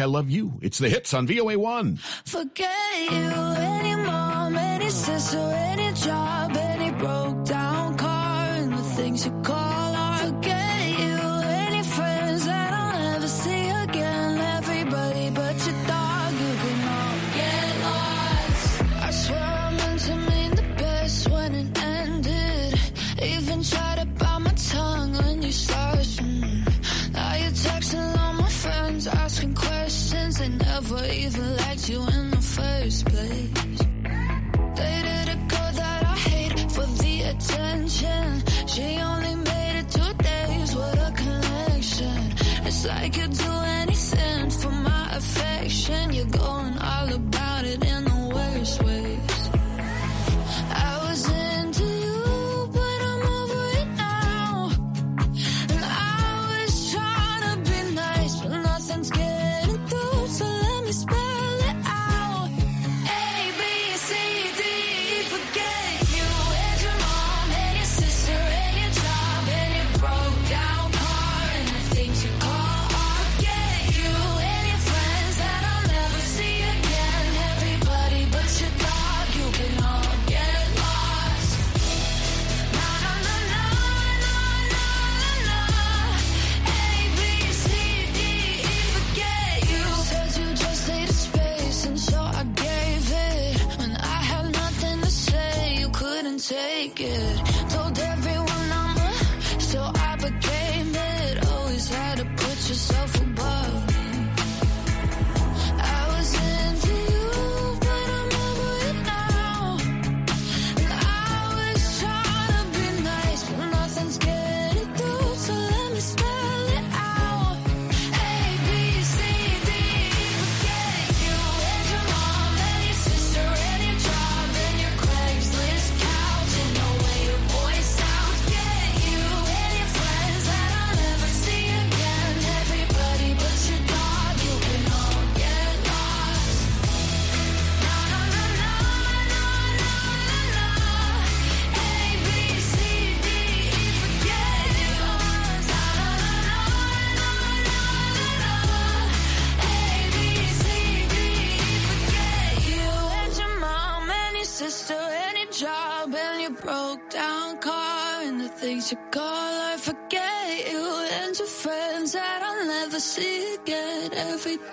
I love you. It's the hits on VOA1. Forget you, any mom, any sister, any job, any broke down car, and the things you call. like you'd do anything for my affection. You're going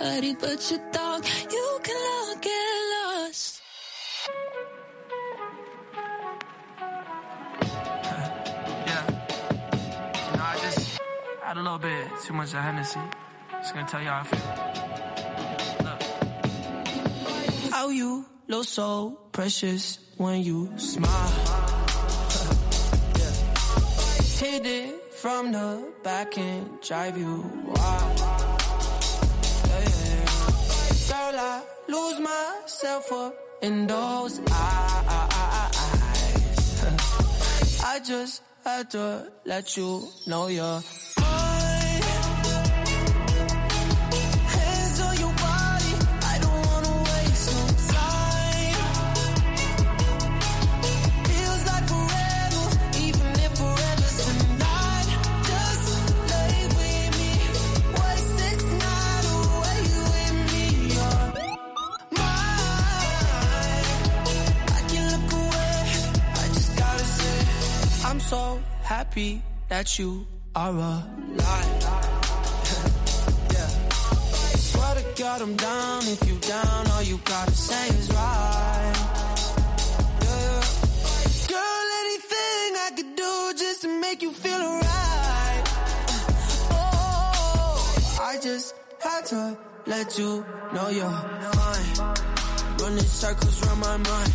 nobody but your dog. You can all get lost. yeah. You know, I just had a little bit too much of Hennessy. Just gonna tell you how I feel. Look. How you look so precious when you smile. yeah. Hit it from the back and drive you wild. I lose myself up in those eyes. I just had to let you know you're so happy that you are alive. yeah. Swear to God, I'm down. If you down, all you gotta say is right. Yeah. Girl, anything I could do just to make you feel alright. Oh, I just had to let you know you're fine. Running circles around my mind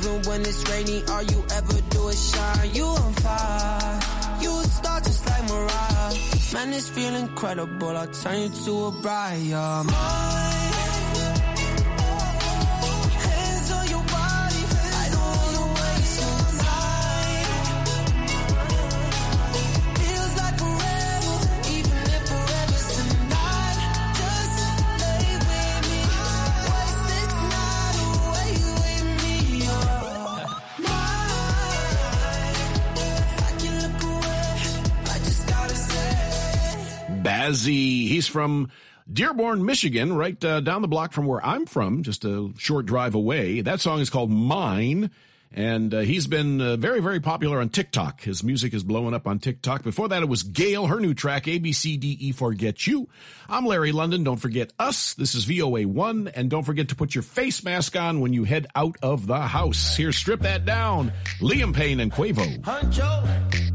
even when it's rainy, all you ever do is shine. You on fire. You a star just like Mariah. Man, this feel incredible. I'll turn you to a bride. Yeah. as he he's from Dearborn, Michigan, right uh, down the block from where I'm from, just a short drive away. That song is called Mine. And uh, he's been uh, very, very popular on TikTok. His music is blowing up on TikTok. Before that, it was Gail, her new track, ABCDE Forget You. I'm Larry London. Don't forget us. This is VOA1. And don't forget to put your face mask on when you head out of the house. Here, strip that down. Liam Payne and Quavo. Huncho.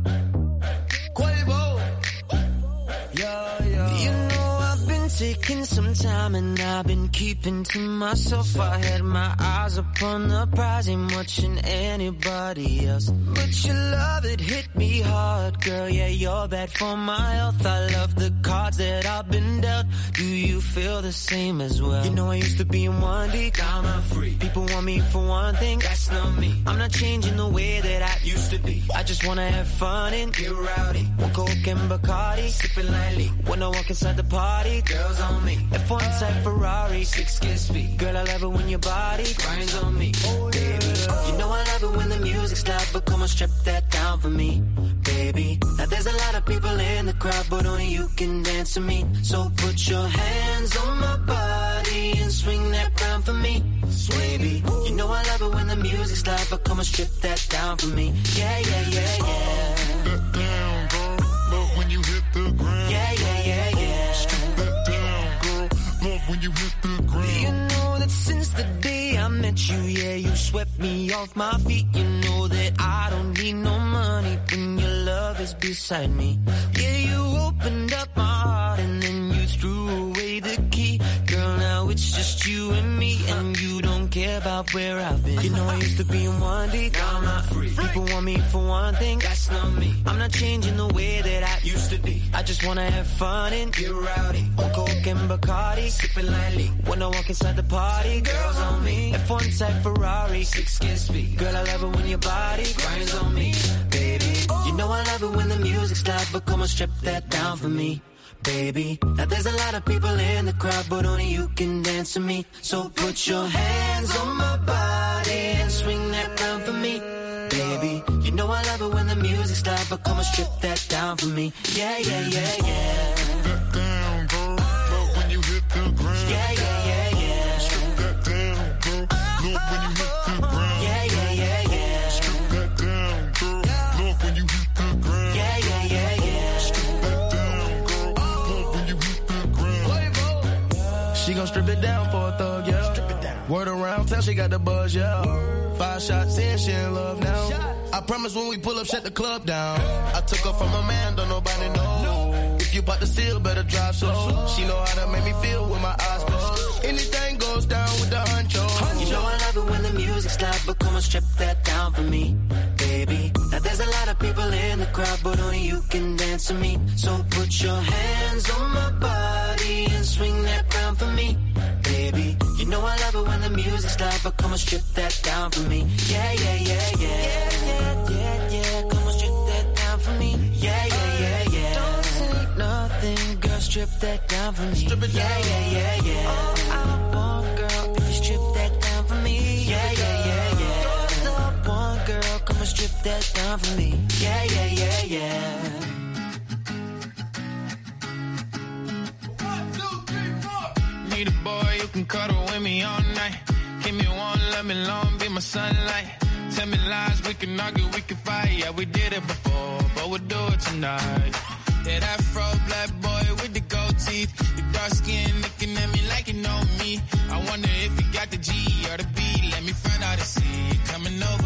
taking some time and I've been keeping to myself. I had my eyes upon the prize, ain't watching anybody else. But your love, it hit me hard, girl. Yeah, you're bad for my health. I love the cards that I've been dealt. Do you feel the same as well? You know I used to be in one league. I'm a free. People want me for one thing. That's not me. I'm not changing the way that I used to be. I just wanna have fun and get rowdy. One coke and Bacardi, sipping lightly. When I walk inside the party, girls on me. F1 type Ferrari, six kiss feet. Girl, I love it when your body grinds on me. Oh, yeah. You know I love it when the music's loud, but come on, strip that down for me, baby. Now there's a lot of people in the crowd, but only you can dance to me. So put your hands on my body and swing that crown for me, baby. You know I love it when the music's loud, but come on, strip that down for me. Yeah, yeah, yeah, yeah. That down, girl. Love when you hit the ground. Yeah, yeah, yeah, yeah. Strip that down, girl. Love when you hit the ground. You know that since the day I met you, yeah, you swept me off my feet. You know that I don't need no money when your love is beside me. Yeah, you opened up my heart and then you threw away the it's just you and me, and you don't care about where I've been. You know I used to be in one deep. Now I'm not free. People want me for one thing. That's not me. I'm not changing the way that I used to be. I just wanna have fun and get rowdy. On coke and Bacardi, sipping lightly. When I walk inside the party, girls on me. F1 type Ferrari, six kids me. Girl, I love it when your body grinds on me, baby. You know I love it when the music's loud, but come on, strip that down for me baby. Now there's a lot of people in the crowd, but only you can dance to me. So put your hands on my body and swing that round for me, baby. You know I love it when the music's stops, but come and strip that down for me. Yeah, yeah, yeah, yeah. That down, girl. But when you hit the ground. Yeah, she got the buzz, yeah. Five shots in, she in love now. I promise when we pull up, shut the club down. I took her from a man, don't nobody know. If you bought the seal, better drive slow. She know how to make me feel with my eyes closed. Anything goes down with the honcho. You know I love it when the music's loud, but come on, strip that down for me, baby. Now there's a lot of people in the crowd, but only you can dance to me. So put your hands on my body and swing that round for me, baby. You know I love it when the music's loud, but come and strip that down for me. Yeah, yeah, yeah, yeah. Yeah, yeah, yeah, yeah. Come and strip that down for me. Yeah, yeah, yeah, yeah. Don't say nothing, girl. Strip that down for me. Strip it down. Yeah, yeah, yeah, yeah. All I want, girl, strip that down for me. Yeah, yeah, yeah, yeah. You're the one, girl. Come and strip that down for me. Yeah, yeah, yeah, yeah. One, two, three, four. Need a boy can cuddle with me all night. Give me one, let me long, be my sunlight. Tell me lies, we can argue, we can fight. Yeah, we did it before, but we'll do it tonight. Yeah, that fro black boy with the gold teeth. Your dark skin looking at me like you know me. I wonder if you got the G or the B. Let me find out and see you coming over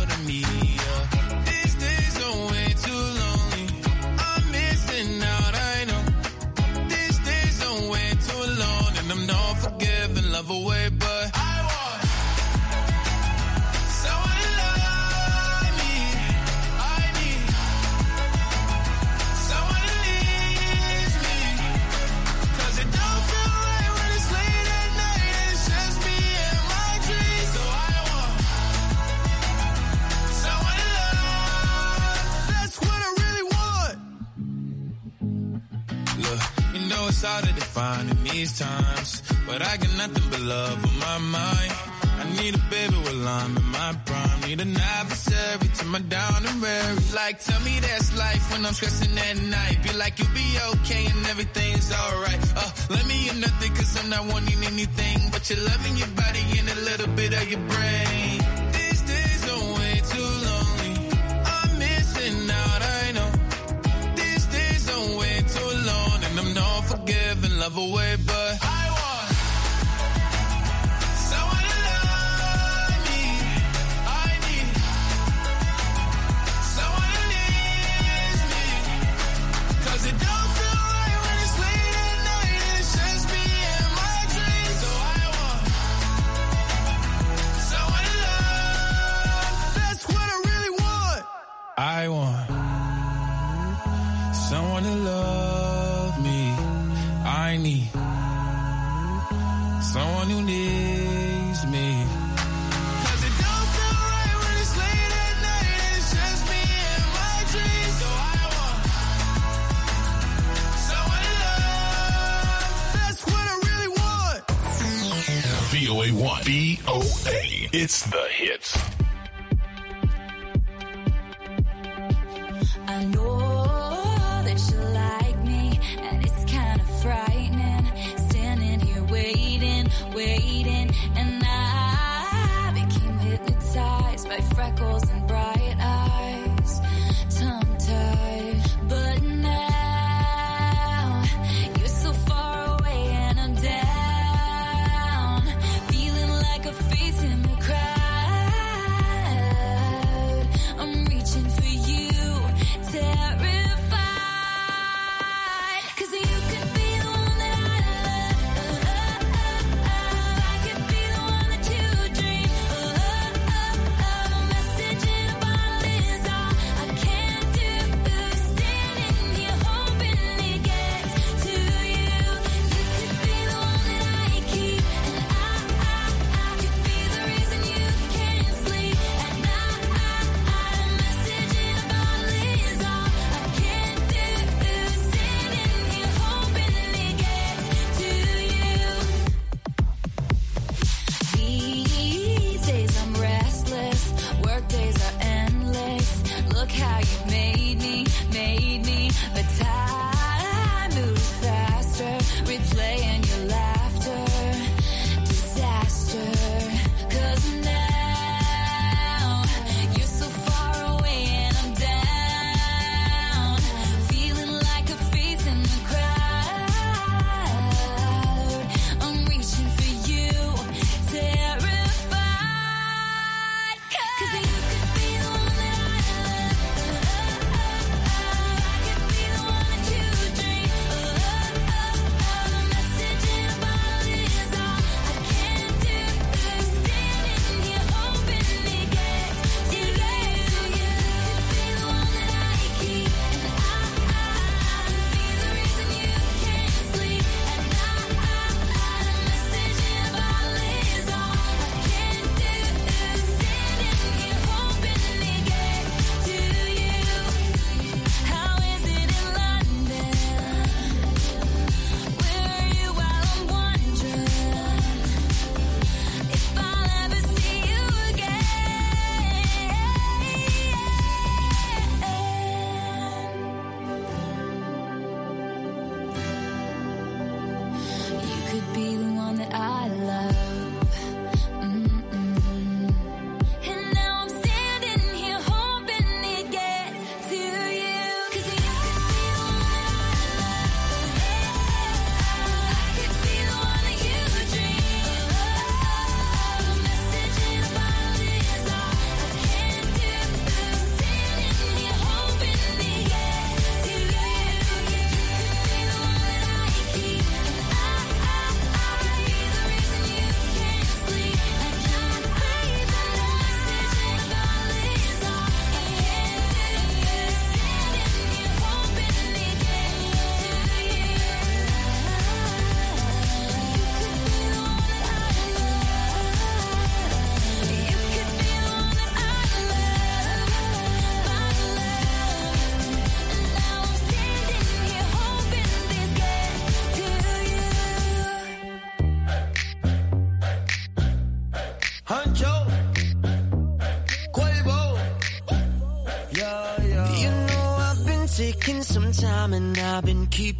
find in these times. But I got nothing but love on my mind. I need a baby while I'm in my prime. Need an adversary to my down and weary. Like, tell me that's life when I'm stressing at night. Be like, you'll be okay and everything's alright. Uh, let me in nothing cause I'm not wanting anything. But you're loving your body and a little bit of your brain. Giving love away, but I waiting, and I became hypnotized by freckles and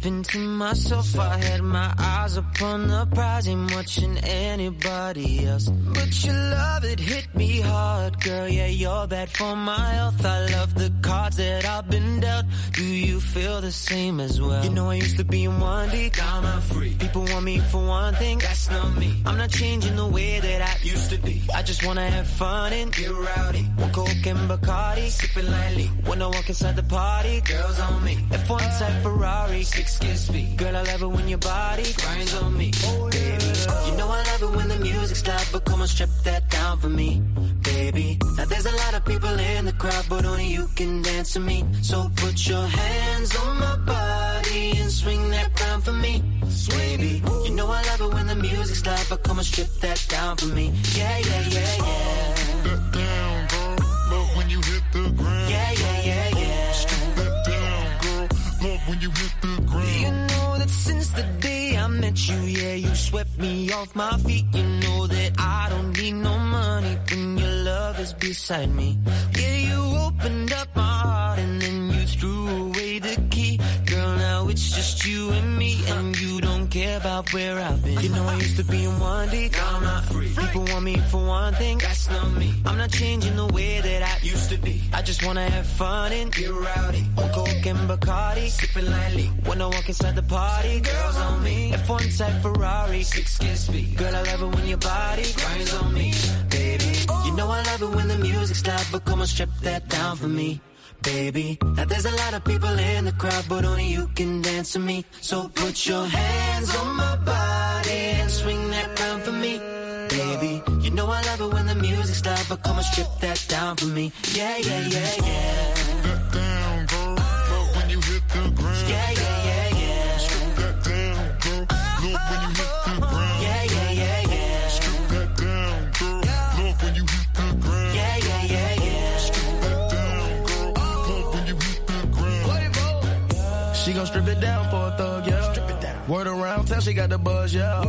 deep into myself. I had my eyes up on the prize, ain't watching anybody else. But your love, it hit me hard, girl. Yeah, you're bad for my health. I love the cards that I've been dealt. Do you feel the same as well? You know I used to be in one league. I'm a freak. People want me for one thing. That's not me. I'm not changing the way that I used to be. I just wanna have fun and get rowdy. One coke and Bacardi, sipping lightly. When I walk inside the party, girls on me. F1 type Ferrari, six kiss me. Girl, I love it when your body grinds on on me, baby. You know I love it when the music's loud, but come on, strip that down for me, baby. Now there's a lot of people in the crowd, but only you can dance to me. So put your hands on my body and swing that crown for me, baby. You know I love it when the music's loud, but come on, strip that down for me. Yeah, yeah, yeah, yeah. That down, girl. Love when you hit the ground. Yeah, yeah, yeah, yeah. Strip that down, girl. Love when you hit the ground. You met you, yeah, you swept me off my feet. You know that I don't need no money when your love is beside me. Yeah, you opened up my heart and then about where I've been. You know I used to be in one deep. Now I'm not free. People want me for one thing. That's not me. I'm not changing the way that I used to be. I just wanna have fun and get rowdy. On coke and Bacardi, sipping lightly. When I walk inside the party, girls on me. F1 type Ferrari, six kiss me. Girl, I love it when your body grinds on me, baby. You know I love it when the music stops, but come on, strip that down for me baby. Now there's a lot of people in the crowd, but only you can dance to me. So put your hands on my body and swing that round for me, baby. You know I love it when the music loud, but come and strip that down for me. Yeah, yeah, yeah, yeah. Strip down. she got the buzz, yeah.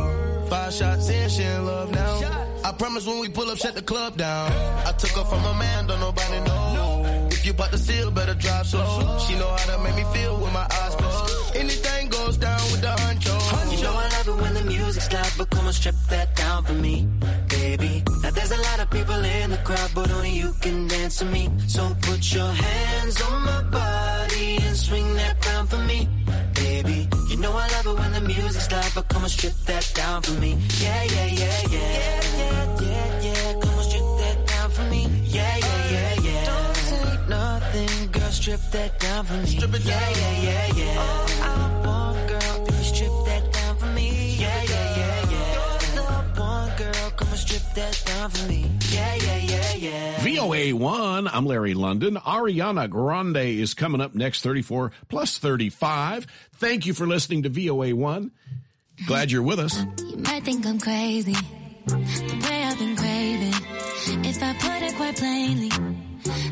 Five shots in, she in love now. I promise when we pull up, shut the club down. I took her from a man, don't nobody know. If you bought the seal, better drive slow. She know how to make me feel with my eyes closed. Anything goes down with the honcho. You know I love it when the music's loud, but come on, strip that down for me, baby. Now there's a lot of people in the crowd, but only you can dance to me. So put your hands on my body and swing that round for me baby. You know I love it when the music's loud, but come and strip that down for me. Yeah, yeah, yeah, yeah. Yeah, yeah, yeah, yeah. Come and strip that down for me. Yeah, yeah, yeah, yeah. Don't say nothing, girl. Strip that down for me. Strip it down. Yeah, yeah, yeah, yeah. Oh, down for me. Yeah, yeah, yeah, VOA1, I'm Larry London. Ariana Grande is coming up next 34 plus 35. Thank you for listening to VOA1. Glad you're with us. You might think I'm crazy, the way I've been craving. If I put it quite plainly,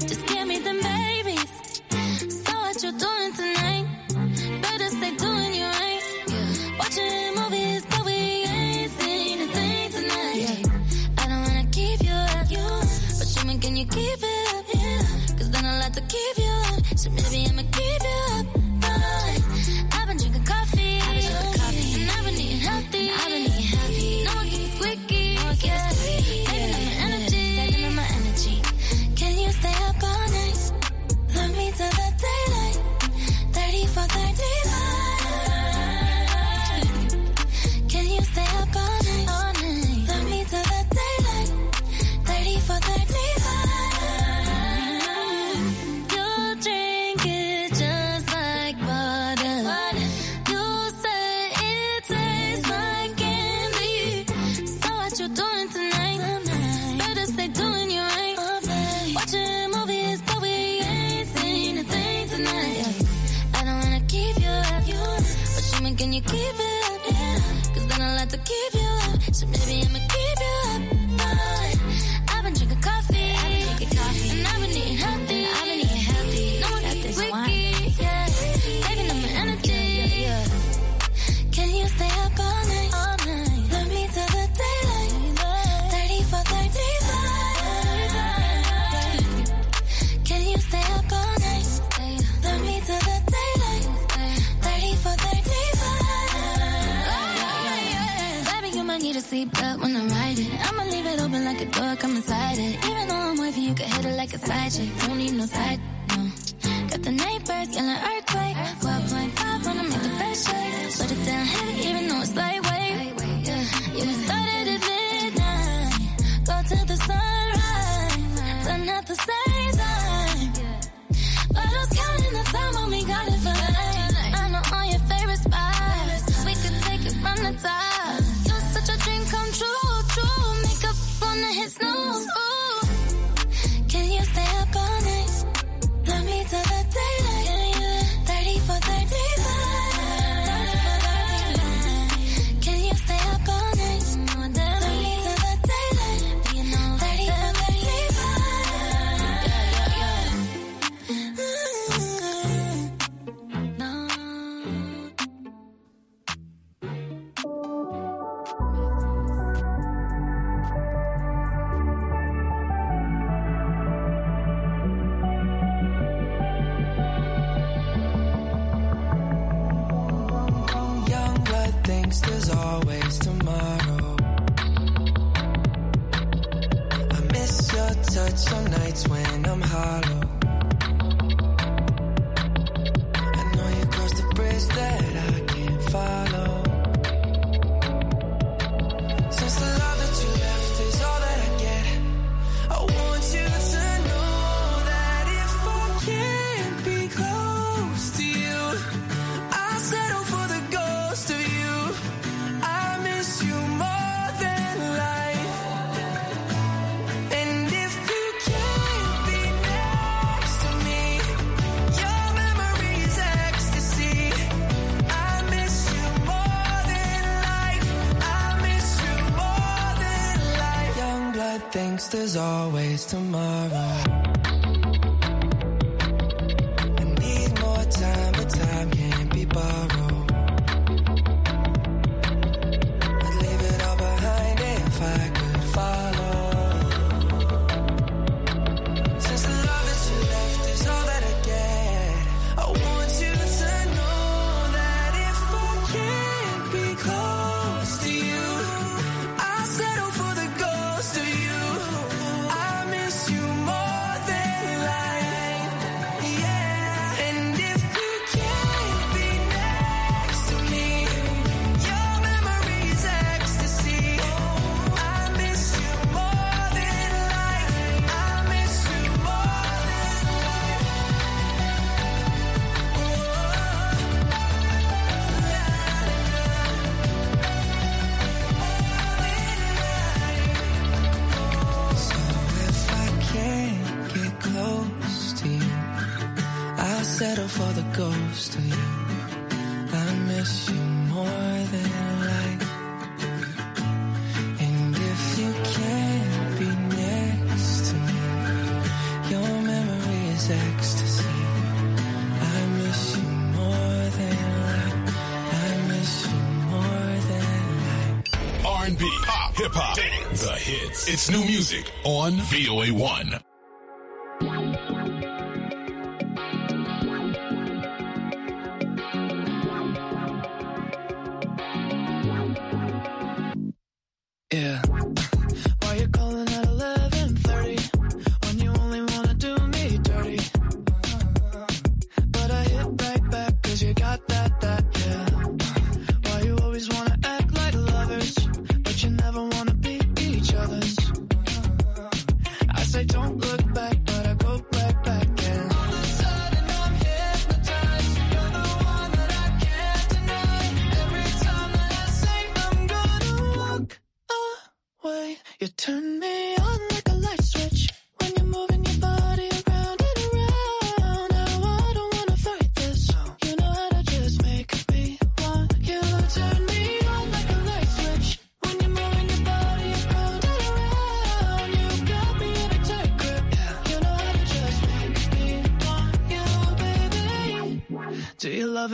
just give me babies. So what you doing tonight? Better stay doing you right. Watching keep it up, yeah. Cause then I like to keep you up. So maybe I'm a magic, don't need no side, no. Got the night yelling. there's always tomorrow R&B, pop, hip hop, dance, the hits. It's new music on VOA 1.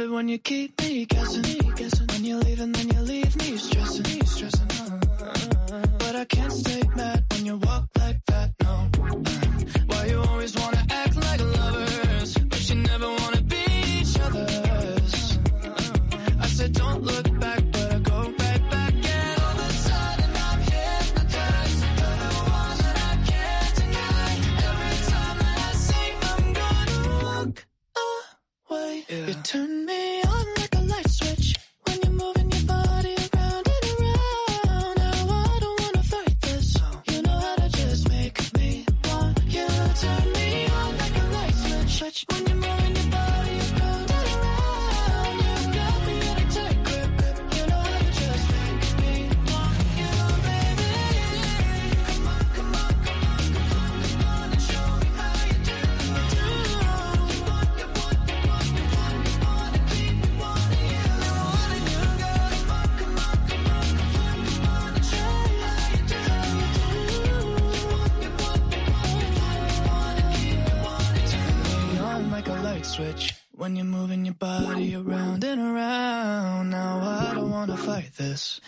it when you keep me guessing, guessing. When you leave and then you leave me stressing, stressing. Uh, uh, uh. But I can't stay mad when you walk time. this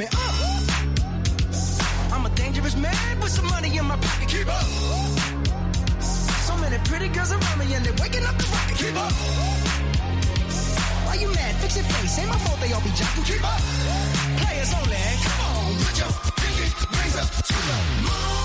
me up. I'm a dangerous man with some money in my pocket. Keep up. So many pretty girls around me and they're waking up the rocket. Keep up. Why you mad? Fix your face. Ain't my fault they all be jocking. Keep up. Players only. Come on, put your pinky rings up to the moon.